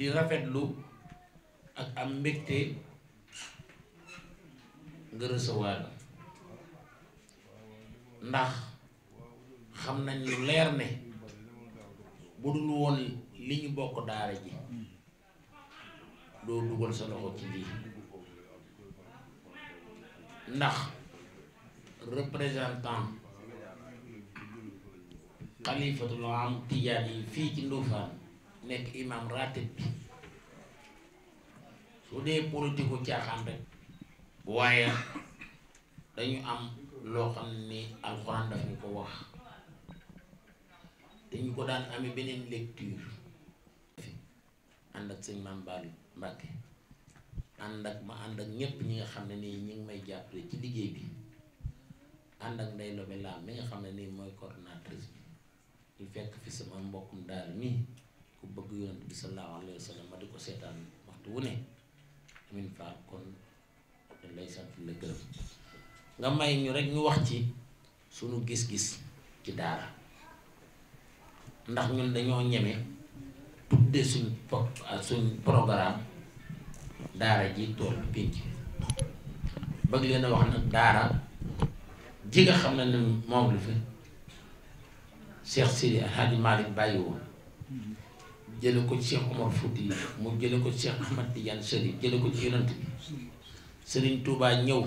di rafetlu ak am mbégte nga recevoir ndax xam nañ lu leer ne bu dul woon li ñu bokk daara ji doo dugal sa loxo ci lii ndax représentant xalifatul am tijaan yi fii ci Ndofane nekk imam ratib bi su dee politiku caaxaan rek waaye dañu am loo xam ni alxuraan daf ñu ko wax dañu ko daan amee beneen lecture ànd ak sëñ Maam Baalu Mbàkke ànd ak ma ànd ak ñépp ñi nga xam ne nii ñi ngi may jàppale ci liggéey bi ànd ak Ndey Lobé Lam mi nga xam ne nii mooy coordonnatrice bi ñu fekk fi sama mbokkum daal mii ku bëgg yonent bi sallallahu alayhi wa sallam ma di ko seetaan waxtu wu ne amin faal kon lay sant la gërëm nga may ñu rek ñu wax ci suñu gis-gis ci daara ndax ñun dañoo ñeme tudde suñ po suñ programme daara ji tool pénc bëgg leen wax nag daara ji nga xam ne ne moom la fi Cheikh Sidi Alhaji bàyyi woon jële ko ci Cheikh Omar Fouti mu jële ko ci Cheikh Ahmad Tidiane jële ko ci yonant bi Serigne Touba ñëw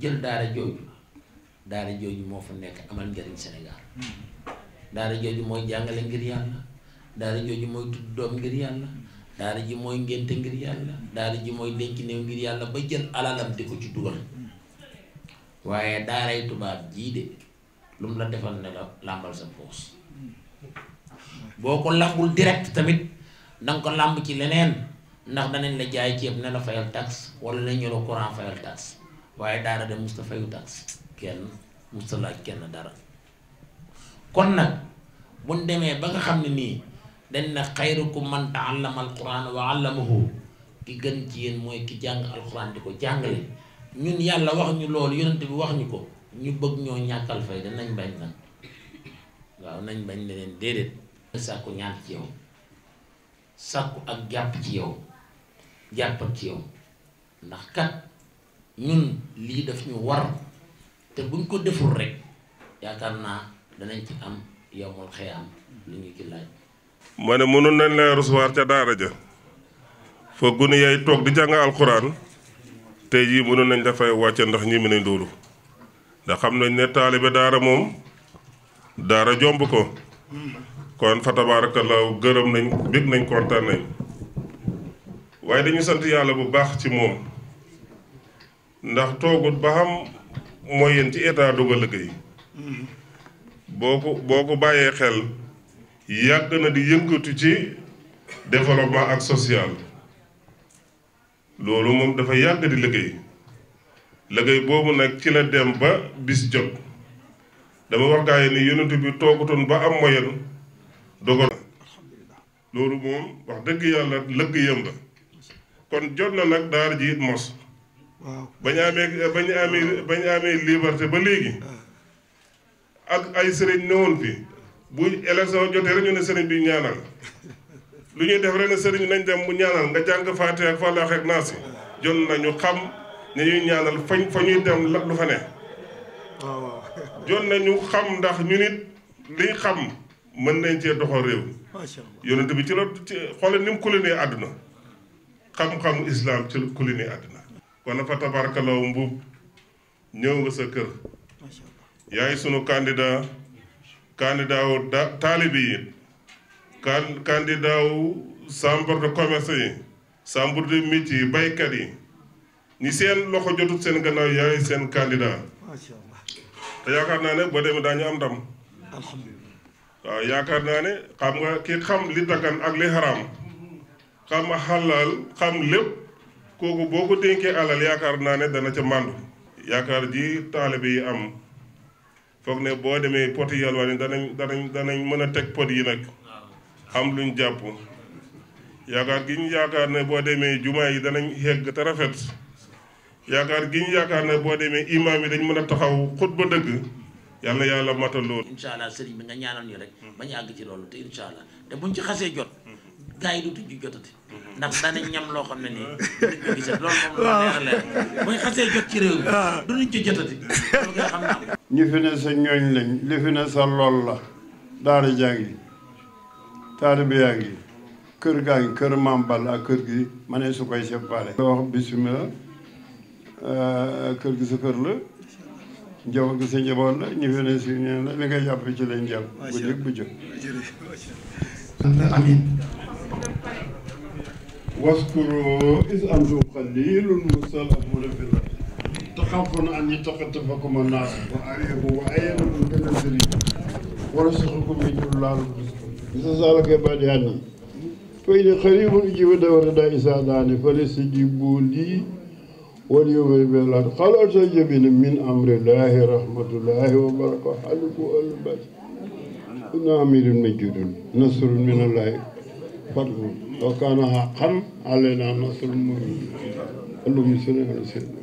jël daara jooju daara jooju moo nekk amal njëriñ Sénégal daara mooy jàngale ngir yàlla daara jooju mooy tudd doom ngir yàlla daara ji mooy ngénte ngir yàlla daara ji mooy denc néew ngir yàlla ba jël alalam di ko ci dugal waaye daaray tubaab jii de lu mu la defal ne la làmbal sa poos boo ko lambul direct tamit na ko lamb ci leneen ndax danañ la jaay ceeb ne la fayal tax wala la ñu la courant fayal tax waaye daara dem musta fayu tax kenn musta laaj kenn dara kon nag buñ demee ba nga xam ne nii dañ na xayrukum man taallama alquran wa allamahu ki gën ci yéen mooy ki jàng alquran di ko jàngale ñun yàlla wax ñu loolu yonent bi wax ñu ko ñu bëgg ñoo ñàkkal fay danañ bañ nag waaw nañ bañ ne leen déedéet sàkku ñaan ci yow sàkku ak jàpp ci yow jàpp ci yow ndax kat ñun lii daf ñu war te buñ ko deful rek yaakaar naa danañ ci am yowmal xiyaam li ñu ci ma ne mënoon nañ lay recevoir ca daara ja fa gune yaay toog di jàng alxuraan tey jii mënoon nañ dafay wàcce ndax ñi mi nañ loolu ndax xam nañ ne taalibe daara moom daara jomb ko kon fa tabaarakallaahu gërëm nañ bég nañ kontaan nañ waaye dañu sant yàlla bu baax ci moom ndax toogut ba xam mooy yéen ci état doog a liggéey boo ko bàyyee xel yàgg na di yëngatu ci développement ak social loolu moom dafa yàgg di liggéey liggéey boobu nag ci la dem ba bis jot dama wax yi ni yonent bi toogutoon ba am moyen dogal loolu moom wax dëgg yàlla lëggéeyam la kon jot na nag daara ji it mos. waaw amee ba amee ba amee liberté ba léegi ah. ak ay sëriñ newoon fi bu élection jotee rek ñu ne sëriñ bi ñaanal lu ñuy def rek ne sëriñ nañ dem mu ñaanal nga jàng faate ak falaax ak naas jot na ñu xam ne ñaanal fa ñuy dem lu fa ne. Ah, waaw jot na ñu xam ndax ñu nit liñ xam. mën nañ cee doxal réew mi bi ci la ci xoolal ni mu kulinee àdduna xam-xamu islam ci la kulinee àdduna wala fa tabarkalaw mbuub ñëw nga sa kër yaay sunu candidat candidat wu da taalibe yi can candidat wu chambre de commerce yi chambre de métier yi baykat yi ñi seen loxo jotut seen gannaaw yaay seen candidat te yaakaar naa ne boo demee daañu am ndam waaw yaakaar naa ne xam nga ki xam li dagan ak li xaraam xam xalaal xam lépp kooku boo ko dénkee alal yaakaar naa ne dana ca màndu yaakaar ji taalibe yi am foog ne boo demee poti yalwaan yi danañ danañ danañ mën a teg pot yi nag am luñ jàpp yaakaar gi ñu yaakaar ne boo demee jumaa yi danañ yegg te rafet yaakaar gi ñu yaakaar ne boo demee imaam yi dañ mën a taxaw xutba dëgg yal yàlla matal loolu. incha allah sëriñ bi nga ñaanal ñu rek. bañ àgg ci loolu te incha allah te buñ ci xasee jot. gaa yi dootuñu jotati. ndax danañ ñam loo xam ne nii. duñ ko loolu la leer xasee jot ci réew mi. waaw ah. duñu ci jotati. loolu nga xam naa ñu fi sa ñooñ lañ li sa lool la. daara jaa ngi taalibe kër gaa ngi kër mambal ak kër gi ma su koy séparé. wax bisimilah euh, kër gi sa kër la. njaboot gi sa njaboot la ñu fi ne si nee nga jàpp ci lañ jàpp bu jëkk bu jëkk amin waskuru is antum qalilun mustad'afuna fil ardi taxafuna an yataxatafakum an-nas fa a'inu wa ayyadukum min al-sirri warzuqkum min al-ardi bisazalika ba'di hanna fa in qaribun ujiba da'wata da'i isa da'ani falistajibu li وليؤمن بالله قال أرجى من أمر الله رحمة الله وبركاته حلف البشر إن أمير مجد نصر من الله فضل وكان حقا علينا نصر المؤمنين اللهم صل على سيدنا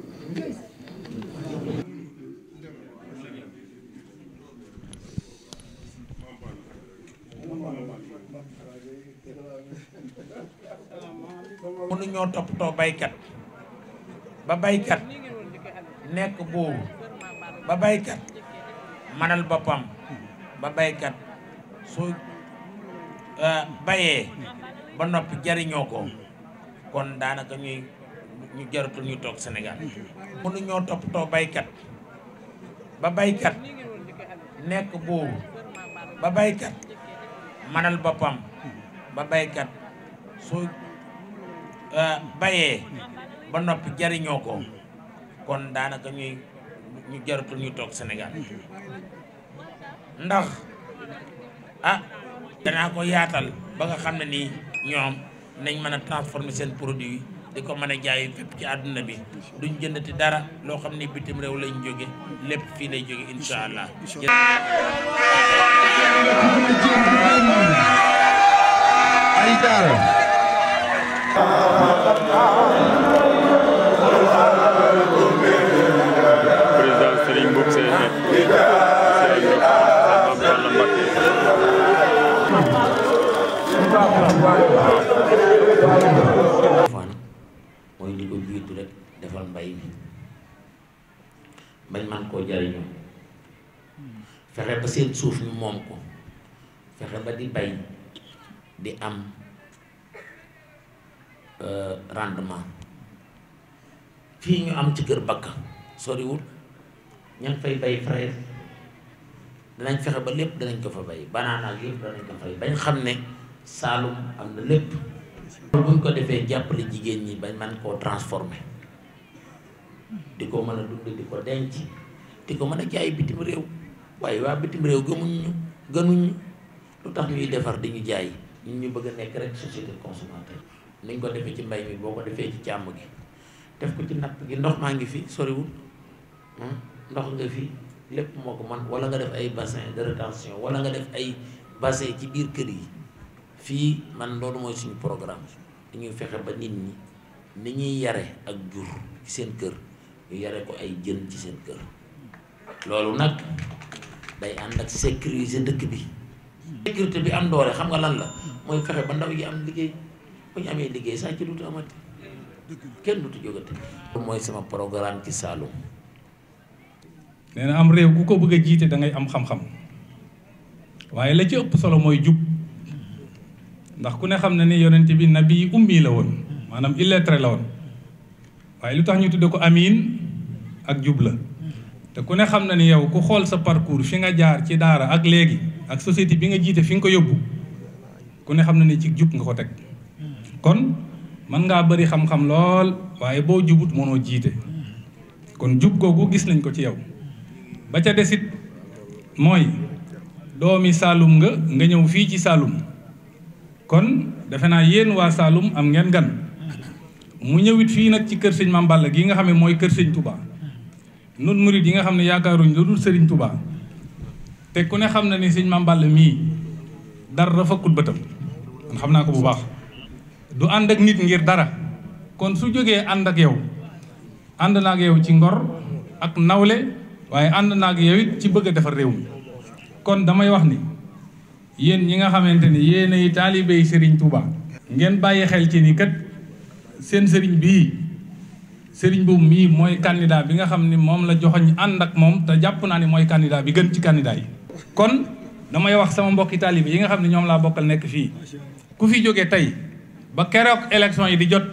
mënuñoo toppatoo baykat ba baykat nekk buur ba baykat manal boppam ba baykat su euh, bayee ba noppi jariñoo ko kon daanaka ñuy ñu jaratul ñu toog Sénégal mënu ñoo toppatoo baykat ba baykat nekk buur ba baykat manal boppam ba baykat su euh, bayee ba nopp jariñoo ko kon daanaka ñuy ñu jaratul ñu toog Sénégal ndax ah danaa ko yaatal ba nga xam ne nii ñoom nañ mën a transformer seen produit di ko mën a jaay fépp ci àdduna bi duñ jëndati dara loo xam ne bitim réew lañ jóge lépp fii lay jóge incha allah mooy li ko jiitu rek defal mbay mi bañ man koo jariñoo fexe ba seen suuf ñu moom ko fexe ba di bay di am euh, rendement fii ñu am ci kër bakka soriwul ña fay bay frère danañ fexe ba lépp danañ ko fa bay banaanaak yëpp danañ ko fay bañ xam ne Saalum am na lépp buñ ko defee jàppale jigéen ñi bañ man koo transformer di ko mën a dund di ko denc di ko mën a jaay bitim réew waaye waa bitim réew gëmuñu gënuñu lu tax ñuy defar di ñu jaay ñun ñu bëgg a nekk rek société consommateur niñ ko defee ci mbay mi boo ko defee ci càmm gi def ko ci napp gi ndox maa ngi fi soriwul hmm? ndox nga fi lépp moo ko man wala nga def ay bassin de rétention wala nga def ay bassin ci biir kër yi fii man loolu mooy suñu programme dañuy fexe ba nit ñi ni ñuy yare ak jur ci seen kër ñu yare ko ay jën ci seen kër loolu nag day ànd ak sécuriser dëkk bi sécurité bi am doole xam nga lan la mooy fexe ba ndaw yi am liggéey bu ñu amee liggéey sax ci dutu amati kenn dutu mooy sama programme ci Saloum nee na am réew ku ko bëgg jiite da ngay am xam-xam waaye la ci ëpp solo mooy jub ndax ku ne xam na ni yonent bi bii ummi la woon maanaam illettré la woon waaye lu tax ñu tudd ko amin ak jub la te ku ne xam na ni yow ku xool sa parcours fi nga jaar ci daara ak léegi ak société bi nga jiite fi nga ko yóbbu ku ne xam na ni ci jub nga ko teg kon mën ngaa bari xam-xam lool waaye boo jubut mënoo jiite kon jub googu gis nañ ko ci yow ba ca desit mooy doomi Saalum nga nga ñëw fii ci Saalum kon defe naa yéen waa Saalum am ngeen gan mu ñëwit fii nag ci kër sëñ Mame Balla gi nga xam ne mooy kër sëñ Touba nun murid yi nga xam ne yaakaaruñ lu dul sëriñ Touba te ku ne xam na ni sëñ Mame mii dara bëtam xam naa ko bu baax du ànd ak nit ngir dara kon su jógee ànd ak yow ànd naa ak yow ci ngor ak nawle waaye ànd naa ak yow ci bëgg a defar réew mi kon damay wax ni yéen ñi nga xamante ni yéenay taalibey Serigne Touba. ngeen bàyyi xel ci ni kat seen sëriñ bii Serigne boobu mii mooy candidat bi nga xam ni moom la joxoñ ànd ak moom te jàpp naa ni mooy candidat bi gën ci candidat yi. kon damay wax sama mbokki taalibe yi nga xam ne ñoom laa bokkal nekk fii ku fi jóge tey ba keroog élection yi di jot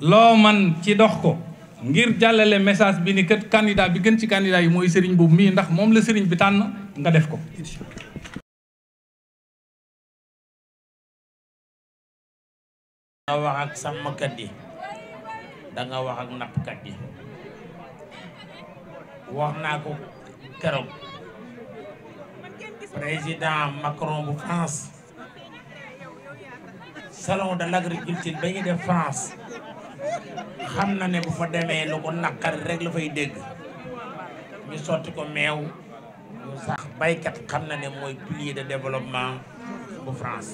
loo man ci dox ko. ngir jàllale message bi ni kat candidat bi gën ci candidat yi mooy Serigne boobu mii ndax moom la Serigne bi tànn nga def ko. nga wax ak sàmmkat yi danga wax ak nappkat yi wax naa ko keroog président Macron bu France salon de l'agriculture ba ñu def France xam na ne bu fa demee lu ko naqari rek la fay dégg ñu sotti ko meew ñu sax baykat xam na ne mooy pilier de développement bu France